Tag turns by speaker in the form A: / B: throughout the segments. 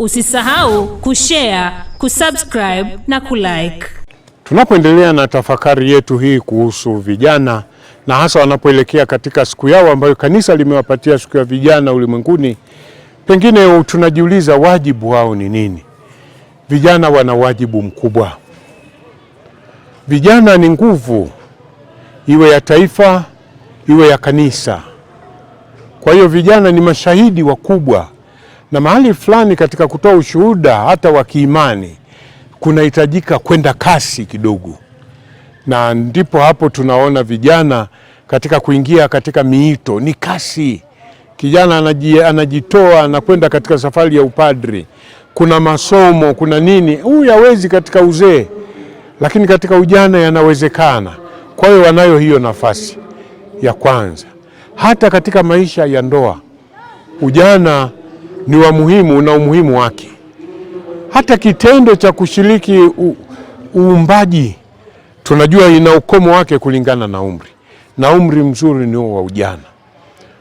A: Usisahau kushare, kusubscribe na kulike.
B: Tunapoendelea na tafakari yetu hii kuhusu vijana na hasa wanapoelekea katika siku yao ambayo kanisa limewapatia siku ya vijana ulimwenguni, pengine tunajiuliza wajibu wao ni nini? Vijana wana wajibu mkubwa. Vijana ni nguvu, iwe ya taifa, iwe ya kanisa. Kwa hiyo vijana ni mashahidi wakubwa na mahali fulani katika kutoa ushuhuda hata wa kiimani kunahitajika kwenda kasi kidogo, na ndipo hapo tunaona vijana katika kuingia katika miito ni kasi. Kijana anajitoa kwenda katika safari ya upadri, kuna masomo, kuna nini. Huyu hawezi katika uzee, lakini katika ujana yanawezekana. Kwa hiyo wanayo hiyo nafasi ya kwanza, hata katika maisha ya ndoa ujana ni wa muhimu na umuhimu wake. Hata kitendo cha kushiriki uumbaji tunajua ina ukomo wake kulingana na umri, na umri mzuri ni huo wa ujana.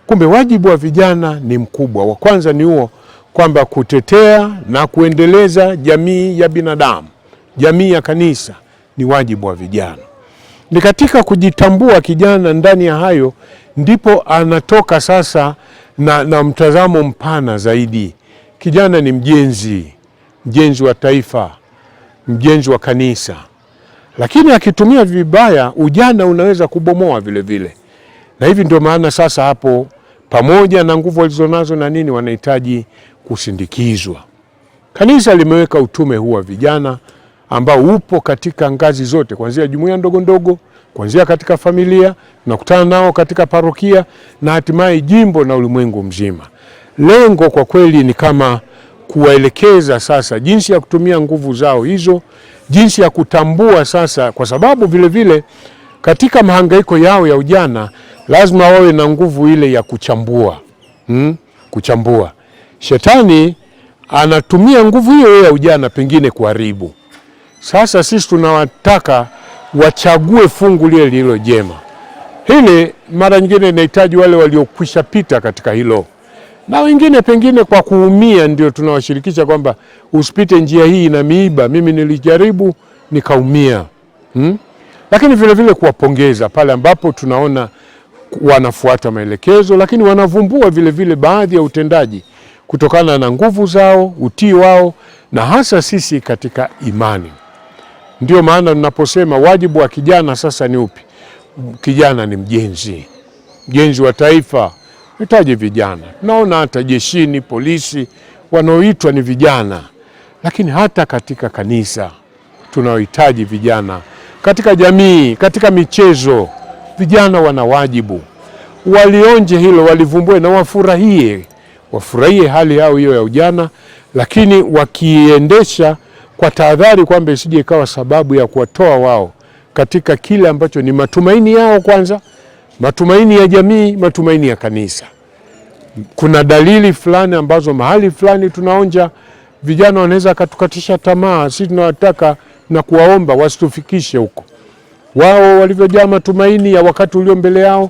B: Kumbe wajibu wa vijana ni mkubwa. Wa kwanza ni huo kwamba kutetea na kuendeleza jamii ya binadamu, jamii ya kanisa ni wajibu wa vijana. Ni katika kujitambua kijana ndani ya hayo ndipo anatoka sasa na, na mtazamo mpana zaidi. Kijana ni mjenzi, mjenzi wa taifa, mjenzi wa kanisa, lakini akitumia vibaya ujana unaweza kubomoa vile vile. Na hivi ndio maana sasa hapo, pamoja na nguvu walizonazo na nini, wanahitaji kusindikizwa. Kanisa limeweka utume huu wa vijana ambao upo katika ngazi zote, kuanzia jumuiya ndogo ndogo kuanzia katika familia, tunakutana nao katika parokia na hatimaye jimbo na ulimwengu mzima. Lengo kwa kweli ni kama kuwaelekeza sasa jinsi ya kutumia nguvu zao hizo, jinsi ya kutambua sasa, kwa sababu vilevile vile, katika mahangaiko yao ya ujana lazima wawe na nguvu ile ya kuchambua hmm? Kuchambua. Shetani anatumia nguvu hiyo ya ujana pengine kuharibu. Sasa sisi tunawataka wachague fungu lile lililo jema. Hili mara nyingine inahitaji wale waliokwisha pita katika hilo, na wengine pengine kwa kuumia, ndio tunawashirikisha kwamba usipite njia hii na miiba, mimi nilijaribu nikaumia, hmm? Lakini vilevile kuwapongeza pale ambapo tunaona wanafuata maelekezo, lakini wanavumbua vilevile baadhi ya utendaji kutokana na nguvu zao, utii wao, na hasa sisi katika imani. Ndio maana ninaposema wajibu wa kijana sasa ni upi? Kijana ni mjenzi, mjenzi wa taifa. Hitaji vijana, naona hata jeshini, polisi, wanaoitwa ni vijana, lakini hata katika kanisa tunaohitaji vijana, katika jamii, katika michezo, vijana wana wajibu, walionje hilo, walivumbue na wafurahie, wafurahie hali yao hiyo ya ujana, lakini wakiendesha kwa tahadhari kwamba isije ikawa sababu ya kuwatoa wao katika kile ambacho ni matumaini yao, kwanza matumaini ya jamii, matumaini ya kanisa. Kuna dalili fulani ambazo mahali fulani tunaonja vijana wanaweza akatukatisha tamaa. Si tunawataka na kuwaomba wasitufikishe huko. Wao walivyojaa matumaini ya wakati ulio mbele yao,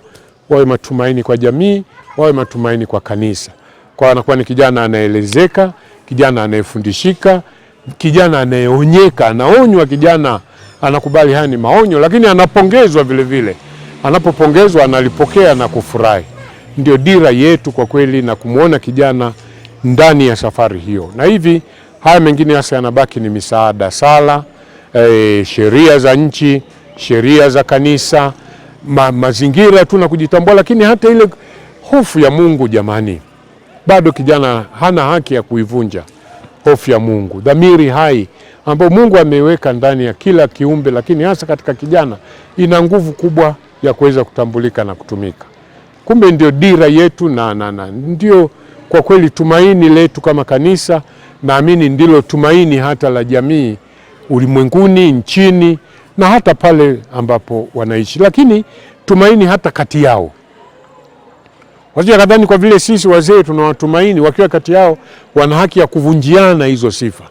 B: wawe matumaini kwa jamii, wawe matumaini kwa kanisa, kwa anakuwa ni kijana anaelezeka, kijana anayefundishika kijana anayeonyeka, anaonywa, kijana anakubali haya ni maonyo, lakini anapongezwa vilevile. Anapopongezwa analipokea na kufurahi. Ndio dira yetu kwa kweli, na kumwona kijana ndani ya safari hiyo, na hivi haya mengine hasa yanabaki ni misaada, sala, e, sheria za nchi, sheria za kanisa, ma, mazingira tu na kujitambua, lakini hata ile hofu ya Mungu jamani, bado kijana hana haki ya kuivunja hofu ya Mungu, dhamiri hai ambayo Mungu ameiweka ndani ya kila kiumbe, lakini hasa katika kijana ina nguvu kubwa ya kuweza kutambulika na kutumika. Kumbe ndio dira yetu na, na, na ndio kwa kweli tumaini letu kama kanisa, naamini ndilo tumaini hata la jamii ulimwenguni, nchini na hata pale ambapo wanaishi, lakini tumaini hata kati yao Wasije kadhani kwa vile sisi wazee tunawatumaini wakiwa kati yao, wana haki ya kuvunjiana hizo sifa.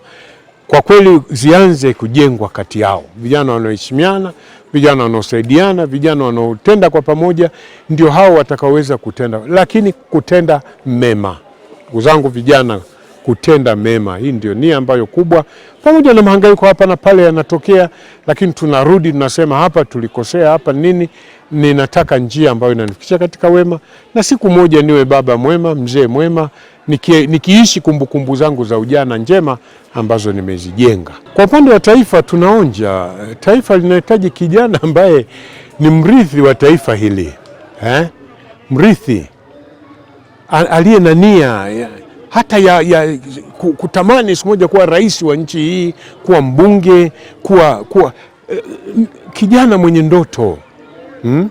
B: Kwa kweli zianze kujengwa kati yao, vijana wanaoheshimiana, vijana wanaosaidiana, vijana wanaotenda kwa pamoja, ndio hao watakaoweza kutenda, lakini kutenda mema. Ndugu zangu vijana kutenda mema. Hii ndio nia ambayo kubwa, pamoja na mahangaiko hapa na pale yanatokea, lakini tunarudi tunasema, hapa tulikosea, hapa nini. Ninataka njia ambayo inanifikisha katika wema, na siku moja niwe baba mwema, mzee mwema, niki, nikiishi kumbukumbu zangu za ujana njema ambazo nimezijenga. Kwa upande wa taifa, tunaonja eh, taifa linahitaji kijana ambaye ni mrithi wa taifa hili eh? mrithi aliye na nia hata ya, ya kutamani siku moja kuwa rais wa nchi hii, kuwa mbunge, kuwa, kuwa eh, kijana mwenye ndoto hmm?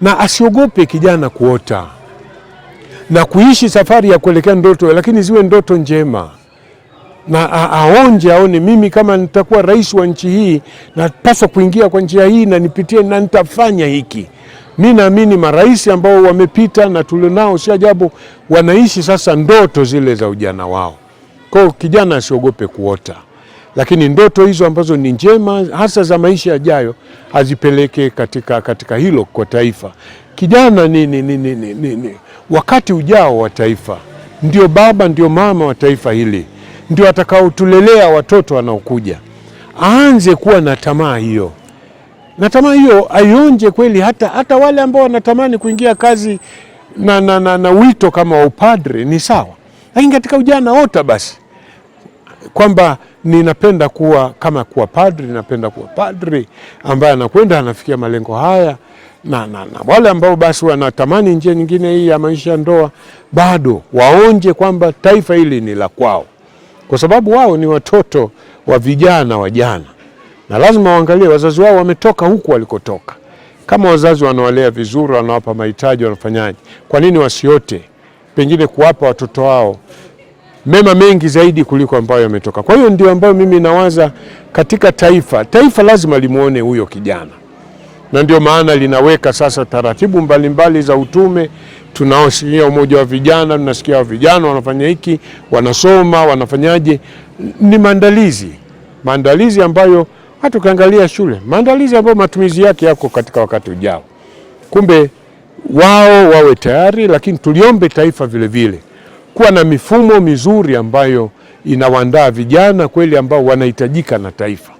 B: na asiogope kijana kuota na kuishi safari ya kuelekea ndoto, lakini ziwe ndoto njema na aonje, aone, mimi kama nitakuwa rais wa nchi hii napaswa kuingia kwa njia hii na nipitie na nitafanya hiki. Mi naamini marais ambao wamepita na tulionao, si ajabu wanaishi sasa ndoto zile za ujana wao. Kwa kijana asiogope kuota, lakini ndoto hizo ambazo ni njema hasa za maisha yajayo azipeleke katika, katika hilo kwa taifa. Kijana ni, ni, ni, ni, ni, ni wakati ujao wa taifa, ndio baba ndio mama wa taifa hili, ndio atakaotulelea watoto wanaokuja. Aanze kuwa na tamaa hiyo na tamaa hiyo aionje kweli, hata, hata wale ambao wanatamani kuingia kazi na, na, na, na wito kama wa upadre ni sawa, lakini katika ujana ota basi kwamba ninapenda kuwa kama kuwa padri, ninapenda kuwa padri ambaye anakwenda anafikia malengo haya na, na, na wale ambao basi wanatamani njia nyingine hii ya maisha ndoa, bado waonje kwamba taifa hili ni la kwao, kwa sababu wao ni watoto wa vijana wa jana na lazima waangalie wazazi wao wametoka huku walikotoka. Kama wazazi wanawalea vizuri, wanawapa mahitaji, wanafanyaje, kwa nini wasiote pengine kuwapa watoto wao mema mengi zaidi kuliko ambayo yametoka? Kwa hiyo ndio ambayo mimi nawaza katika taifa, taifa lazima limuone huyo kijana, na ndio maana linaweka sasa taratibu mbalimbali za utume. Tunaosikia umoja wa vijana, tunasikia wa vijana wanafanya hiki, wanasoma, wanafanyaje, ni maandalizi, maandalizi ambayo hata ukiangalia shule maandalizi ambayo matumizi yake yako katika wakati ujao, kumbe wao wawe tayari, lakini tuliombe taifa vilevile vile kuwa na mifumo mizuri ambayo inawaandaa vijana kweli ambao wanahitajika na taifa.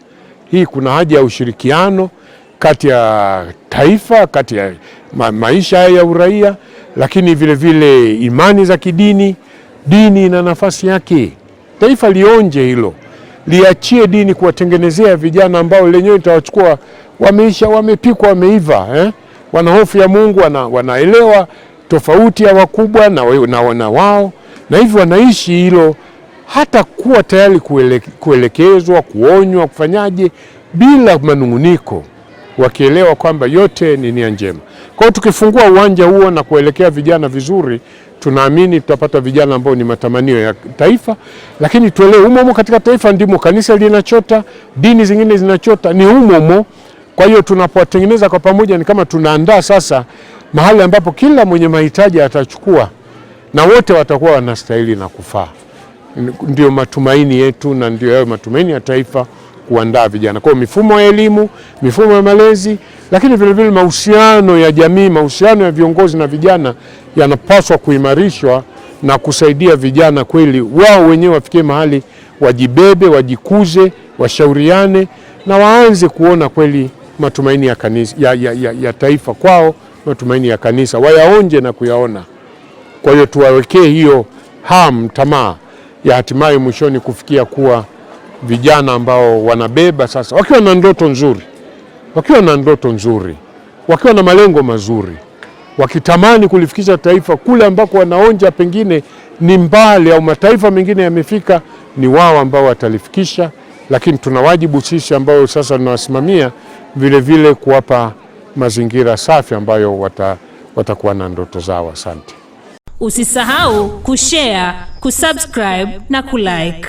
B: Hii kuna haja ya ushirikiano kati ya taifa, kati ya ma maisha ya uraia, lakini vilevile vile imani za kidini. Dini ina nafasi yake, taifa lionje hilo liachie dini kuwatengenezea vijana ambao lenyewe itawachukua wameisha, wamepikwa, wameiva eh? Wana hofu ya Mungu, wana, wanaelewa tofauti ya wakubwa na, na, na wao na hivyo wanaishi hilo, hata kuwa tayari kuele, kuelekezwa, kuonywa, kufanyaje bila manunguniko, wakielewa kwamba yote ni nia njema. Kwa hiyo tukifungua uwanja huo na kuelekea vijana vizuri, tunaamini tutapata vijana ambao ni matamanio ya taifa, lakini tuelewe, umomo katika taifa ndimo kanisa linachota, dini zingine zinachota, ni umomo. Kwa hiyo tunapowatengeneza kwa pamoja, ni kama tunaandaa sasa mahali ambapo kila mwenye mahitaji atachukua na wote watakuwa wanastahili na kufaa. Ndio matumaini yetu na ndio yayo matumaini ya taifa kuandaa vijana. Kwa hiyo mifumo ya elimu, mifumo ya malezi, lakini vilevile mahusiano ya jamii, mahusiano ya viongozi na vijana yanapaswa kuimarishwa na kusaidia vijana kweli wao wenyewe wafikie mahali wajibebe, wajikuze, washauriane na waanze kuona kweli matumaini ya kanisa, ya, ya, ya, ya taifa kwao, matumaini ya kanisa wayaonje na kuyaona. Kwa hiyo tuwawekee hiyo hamu, tamaa ya hatimaye mwishoni kufikia kuwa vijana ambao wanabeba sasa, wakiwa na ndoto nzuri, wakiwa na ndoto nzuri, wakiwa na malengo mazuri, wakitamani kulifikisha taifa kule ambako wanaonja pengine ni mbali au mataifa mengine yamefika, ni wao ambao watalifikisha. Lakini tuna wajibu sisi ambao sasa tunawasimamia vilevile, kuwapa mazingira safi ambayo wata, watakuwa na ndoto zao. Asante.
A: Usisahau kushare, kusubscribe na kulike.